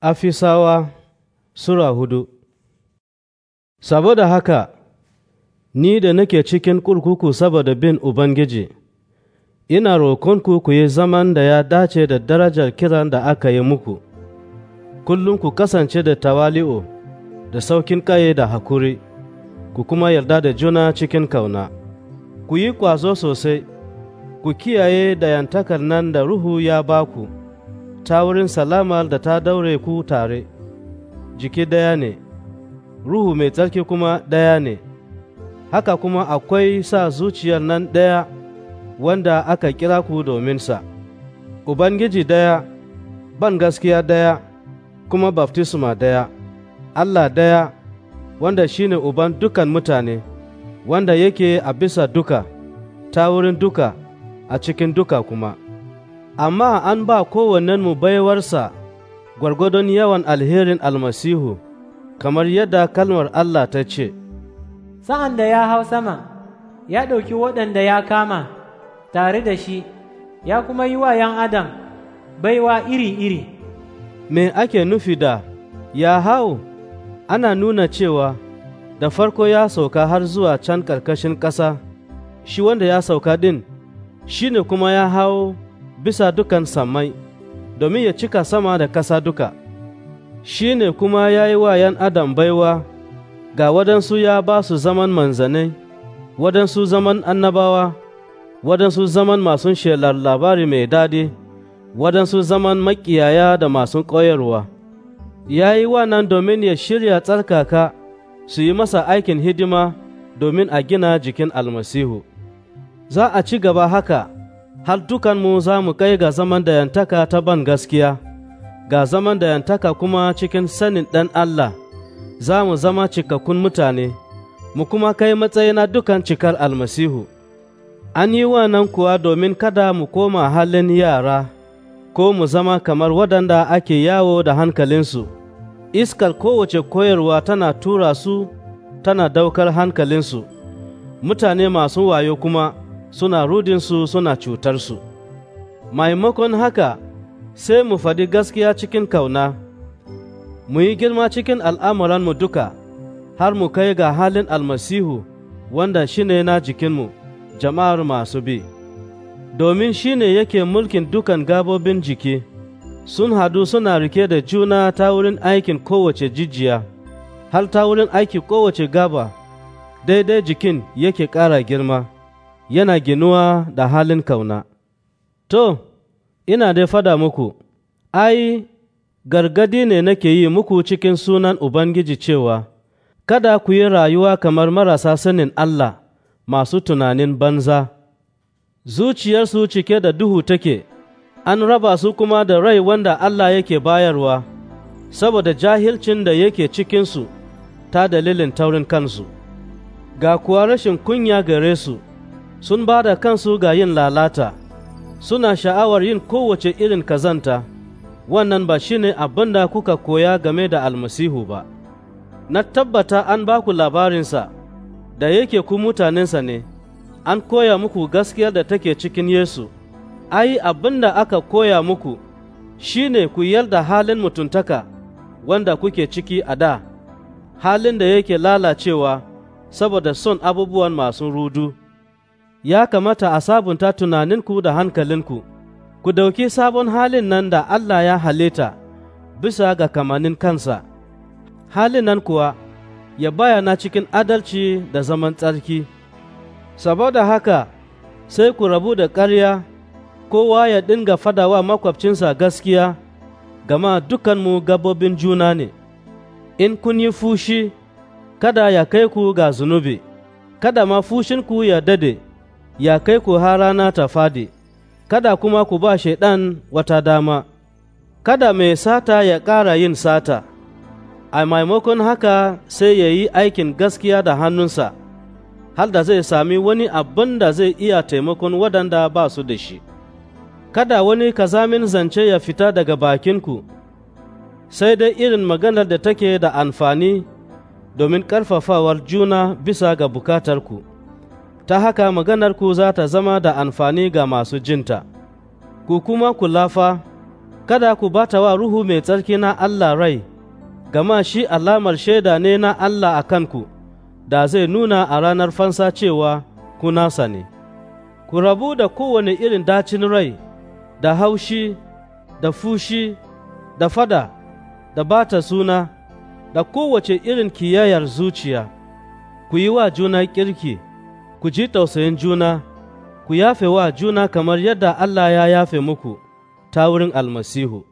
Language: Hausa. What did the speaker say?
Afisawa Sura hudu Saboda haka, ni da nake cikin kurkuku saboda bin Ubangiji, ina roƙonku ku yi zaman da ya dace da darajar kiran da aka yi muku, kullum ku kasance da tawali'u da saukin ƙaye da hakuri, ku kuma yarda da juna cikin kauna. Ku yi ƙwazo sosai, ku kiyaye da yantakar nan da Ruhu ya baku. ta wurin salamar da ta daure ku tare, jiki ɗaya ne, ruhu mai tsarki kuma ɗaya ne, haka kuma akwai sa zuciyar nan ɗaya wanda aka kira ku dominsa, Ubangiji ɗaya, ban gaskiya ɗaya, kuma baftisma ɗaya, Allah ɗaya, wanda shine Uban dukan mutane, wanda yake a bisa duka, ta wurin duka, a cikin duka kuma. amma an ba mu baiwarsa gwargwadon yawan alherin almasihu, kamar yadda kalmar Allah ta ce, Sa'an da ya hau sama, ya ɗauki waɗanda ya kama tare da shi, ya kuma yi wa ‘yan Adam baiwa iri-iri. Me ake nufi da ya hau, ana nuna cewa da farko ya sauka har zuwa can ƙarƙashin ƙasa, shi wanda ya sauka ɗin, shi ne kuma ya hau. bisa dukan samai, domin ya cika sama da ƙasa duka, shi ne kuma ya yi wa ‘yan Adam baiwa, ga waɗansu ya ba su zaman manzanai, waɗansu zaman annabawa, waɗansu zaman masu shelar labari mai daɗi, waɗansu zaman makiyaya da masu koyarwa. Ya yi wa nan domin ya shirya tsarkaka su yi masa aikin hidima domin a gina jikin almasihu. Za a ci gaba haka. har dukanmu za mu kai ga zaman da yantaka ta ban gaskiya, ga zaman da yantaka kuma cikin sanin ɗan Allah, za mu zama cikakkun mutane, mu kuma kai matsayina dukan cikar almasihu. An yi wa nan kuwa domin kada mu koma halin yara, ko mu zama kamar waɗanda ake yawo da hankalinsu. Iskar kowace koyarwa tana tura su, tana daukar hankalinsu, mutane masu wayo kuma. suna rudinsu suna cutarsu. Maimakon haka sai mu faɗi gaskiya cikin kauna, mu yi girma cikin al'amuranmu duka, har mu kai ga halin almasihu wanda shi ne na jikinmu, jama'ar masu bi. Domin shi ne yake mulkin dukan gabobin jiki, sun hadu suna rike da juna ta wurin aikin kowace jijiya, har ta wurin aiki kowace gaba, daidai jikin yake ƙara girma. yana ginuwa da halin kauna. To, ina dai fada muku, ai, gargadi ne nake yi muku cikin sunan Ubangiji cewa, Kada ku yi rayuwa kamar marasa sanin Allah masu tunanin banza, zuciyarsu cike da duhu take, an raba su kuma da rai wanda Allah yake bayarwa, saboda jahilcin da yake cikinsu ta dalilin taurin kansu, ga kuwa rashin kunya gare su. sun ba da kansu ga yin lalata, suna sha'awar yin kowace irin kazanta, wannan ba shi ne abin da kuka koya game da almasihu ba. Na tabbata an ba ku labarinsa, da yake ku mutanensa ne, an koya muku gaskiyar da take cikin Yesu, ai abin da aka koya muku shi ne ku yarda halin mutuntaka wanda kuke ciki a da, halin da yake lalacewa saboda son abubuwan masu rudu. ya kamata a sabunta tunaninku da hankalinku, ku dauki sabon halin nan da Allah ya halitta bisa ga kamanin kansa, halin nan kuwa ya bayana cikin adalci da zaman tsarki. Saboda haka sai ku rabu da ƙarya, kowa ya dinga fadawa makwabcinsa gaskiya, gama dukanmu gabobin juna ne, in kun yi fushi, kada ya kai ku ga zunubi, kada ma fushinku ya dade. ya kai ku har rana ta fadi, kada kuma ku ba shaiɗan wata dama, kada mai sata ya ƙara yin sata, a maimakon haka sai ya yi aikin gaskiya da hannunsa, har da zai sami wani abin da zai iya taimakon waɗanda ba su da shi. Kada wani kazamin zance ya fita daga bakinku, sai dai irin maganar da take da amfani domin ƙarfafawar juna bisa ga bukatarku. ku. ta haka maganarku za ta zama da amfani ga masu jinta, ku kuma ku lafa kada ku bata wa Ruhu mai tsarki na Allah rai, gama shi alamar shaida ne na Allah a kanku, da zai nuna a ranar fansa cewa ku nasa ne. Ku rabu da kowane irin dacin rai, da haushi, da fushi, da fada, da bata suna, da kowace irin kiyayar zuciya, ku yi wa juna kirki. ku ji tausayin juna, ku yafe wa juna kamar yadda Allah ya yafe muku ta wurin almasihu.